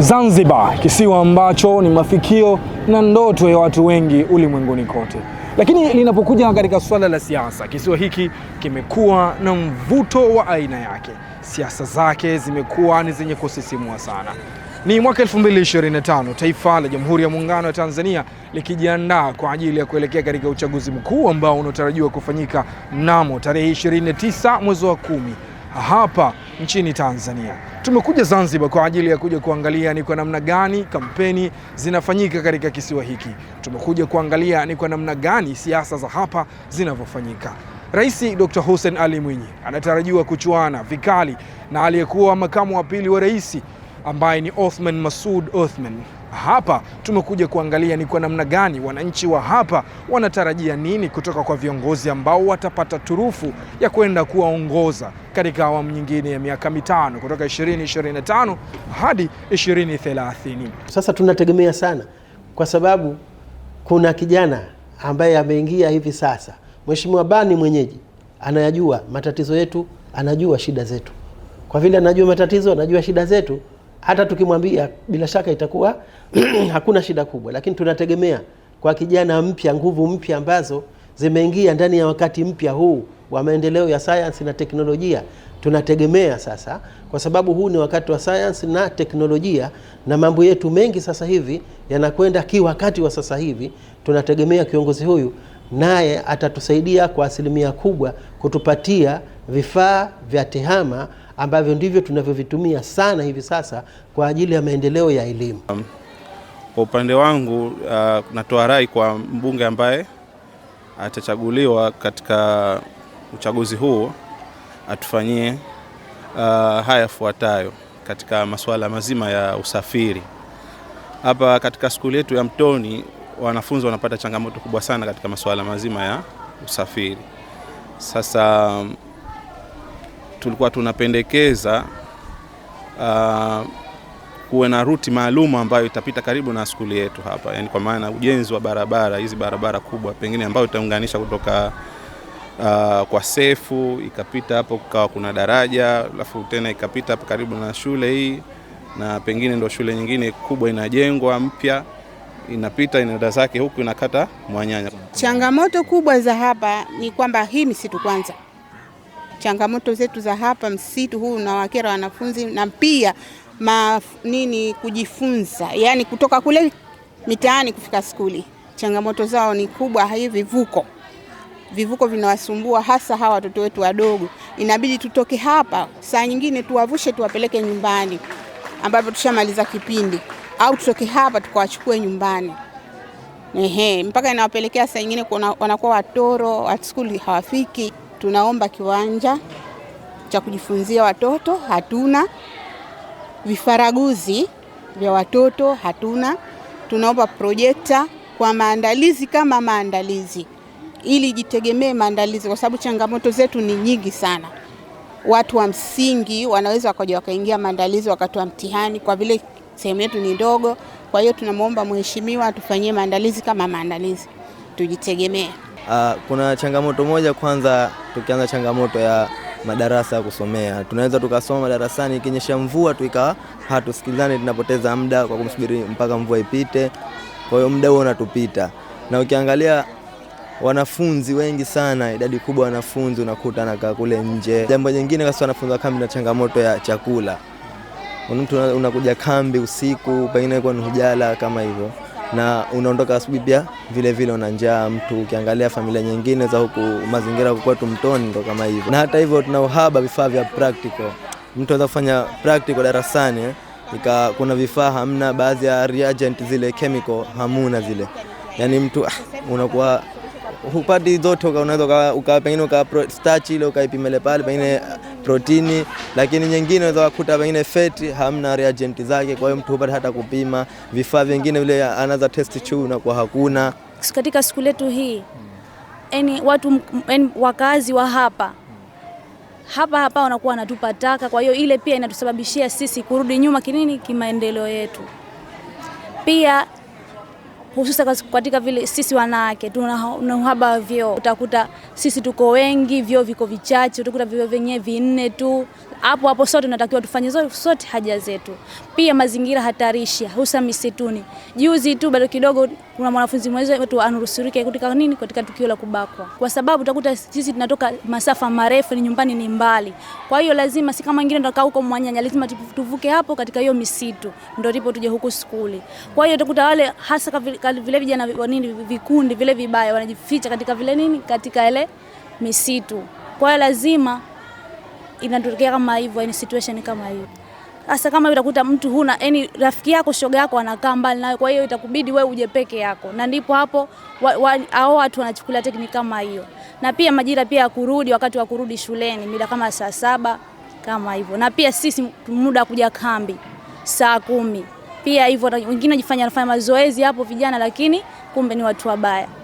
Zanzibar, kisiwa ambacho ni mafikio na ndoto ya watu wengi ulimwenguni kote. Lakini linapokuja katika suala la siasa, kisiwa hiki kimekuwa na mvuto wa aina yake. Siasa zake zimekuwa ni zenye kusisimua sana. Ni mwaka 2025 taifa la Jamhuri ya Muungano wa Tanzania likijiandaa kwa ajili ya kuelekea katika uchaguzi mkuu ambao unatarajiwa kufanyika mnamo tarehe 29 mwezi wa kumi hapa nchini Tanzania. Tumekuja Zanzibar kwa ajili ya kuja kuangalia ni kwa namna gani kampeni zinafanyika katika kisiwa hiki. Tumekuja kuangalia ni kwa namna gani siasa za hapa zinavyofanyika. Rais Dr. Hussein Ali Mwinyi anatarajiwa kuchuana vikali na aliyekuwa makamu wa pili wa rais ambaye ni Othman Masoud Othman hapa tumekuja kuangalia ni kwa namna gani wananchi wa hapa wanatarajia nini kutoka kwa viongozi ambao watapata turufu ya kwenda kuwaongoza katika awamu nyingine ya miaka mitano kutoka 2025 hadi 2030. Sasa tunategemea sana, kwa sababu kuna kijana ambaye ameingia hivi sasa. Mheshimiwa Bani mwenyeji anayajua matatizo yetu, anajua shida zetu. Kwa vile anajua matatizo, anajua shida zetu hata tukimwambia bila shaka itakuwa hakuna shida kubwa, lakini tunategemea kwa kijana mpya, nguvu mpya ambazo zimeingia ndani ya wakati mpya huu wa maendeleo ya sayansi na teknolojia. Tunategemea sasa, kwa sababu huu ni wakati wa sayansi na teknolojia, na mambo yetu mengi sasa hivi yanakwenda kiwakati wa sasa hivi. Tunategemea kiongozi huyu naye atatusaidia kwa asilimia kubwa kutupatia vifaa vya tehama ambavyo ndivyo tunavyovitumia sana hivi sasa kwa ajili ya maendeleo ya elimu. Um, kwa upande wangu, uh, natoa rai kwa mbunge ambaye atachaguliwa katika uchaguzi huu atufanyie uh, haya yafuatayo katika masuala mazima ya usafiri. Hapa katika skuli yetu ya Mtoni wanafunzi wanapata changamoto kubwa sana katika masuala mazima ya usafiri. Sasa um, tulikuwa tunapendekeza uh, kuwe na ruti maalum ambayo itapita karibu na skuli yetu hapa, yani kwa maana ujenzi wa barabara hizi, barabara kubwa pengine ambayo itaunganisha kutoka uh, kwa sefu ikapita hapo, kukawa kuna daraja alafu tena ikapita hapo karibu na shule hii, na pengine ndo shule nyingine kubwa inajengwa mpya inapita inaenda zake huku inakata Mwanyanya. Changamoto kubwa za hapa ni kwamba hii misitu kwanza changamoto zetu za hapa msitu huu unawakera wanafunzi na pia ma, nini kujifunza, yani kutoka kule mitaani kufika skuli, changamoto zao ni kubwa. Hii vivuko vivuko vinawasumbua hasa hawa watoto wetu wadogo, inabidi tutoke hapa saa nyingine tuwavushe tuwapeleke nyumbani ambapo tushamaliza kipindi, au tutoke hapa tukawachukue nyumbani. Ehe, mpaka inawapelekea saa nyingine wanakuwa watoro, at school hawafiki tunaomba kiwanja cha kujifunzia watoto hatuna, vifaraguzi vya watoto hatuna, tunaomba projekta kwa maandalizi kama maandalizi, ili jitegemee maandalizi, kwa sababu changamoto zetu ni nyingi sana. Watu wa msingi wanaweza wakaja wakaingia maandalizi wakatoa mtihani, kwa vile sehemu yetu ni ndogo. Kwa hiyo tunamwomba mheshimiwa atufanyie maandalizi kama maandalizi, tujitegemee. Uh, kuna changamoto moja kwanza, tukianza changamoto ya madarasa ya kusomea, tunaweza tukasoma darasani, ikinyesha mvua tu ikawa hatusikilizani, tunapoteza muda kwa kumsubiri mpaka mvua ipite. Kwa hiyo muda huo unatupita, na ukiangalia wanafunzi wengi sana, idadi kubwa wanafunzi unakuta anakaa kule nje. Jambo jingine kasi wanafunzi wa kambi na changamoto ya chakula, mtu unakuja kambi usiku, pengine kwa ni hujala kama hivyo na unaondoka asubuhi pia vile vile una njaa. Mtu ukiangalia familia nyingine za huku mazingira kwetu mtoni ndo kama hivyo, na hata hivyo tuna uhaba vifaa vya practical. Mtu anaweza kufanya practical darasani ika, kuna vifaa hamna, baadhi ya reagent zile chemical hamuna zile, yani mtu ah, unakuwa hupati zote, unaweza ukawa pengine uka starch ile ukaipimele pale pengine protini, lakini nyingine unaweza kukuta pengine feti hamna reagent zake, kwa hiyo mtu hupata hata kupima vifaa vingine vile anaza test chuu na kwa hakuna. Katika siku letu hii eni, watu eni, wakazi wa hapa hapa hapa wanakuwa wanatupa taka, kwa hiyo ile pia inatusababishia sisi kurudi nyuma kinini kimaendeleo yetu pia hususa katika vile sisi wanawake tuna uhaba wa vyoo, utakuta sisi tuko wengi, vyoo viko vichache, utakuta vyoo vyenyewe vinne tu. Hapo hapo sote tunatakiwa tufanye sote haja zetu. Pia mazingira hatarishi, hasa misituni. Juzi tu bado kidogo, kuna mwanafunzi mmoja wetu anusurike katika nini, katika tukio la kubakwa, kwa sababu utakuta sisi tunatoka masafa marefu, ni nyumbani ni mbali. Kwa hiyo lazima si kama wengine tunatoka huko Mwanyanya, lazima tuvuke hapo katika hiyo misitu, ndio ndipo tuje huku skuli. Kwa hiyo utakuta wale hasa vile vijana wa nini, vikundi vile vibaya wanajificha katika vile nini, katika ile misitu. Kwa hiyo lazima inatokea kama hivyo, yani situation kama hiyo. Sasa kama utakuta mtu huna yani rafiki yako shoga yako anakaa mbali nawe, kwa hiyo itakubidi wewe uje peke yako, na ndipo hapo hao watu wanachukulia tekni kama hiyo. Na pia majira pia ya kurudi, wakati wa kurudi shuleni mida kama saa saba kama hivyo, na pia sisi muda kuja kambi saa kumi pia hivyo. Wengine wanajifanya wanafanya mazoezi hapo vijana, lakini kumbe ni watu wabaya.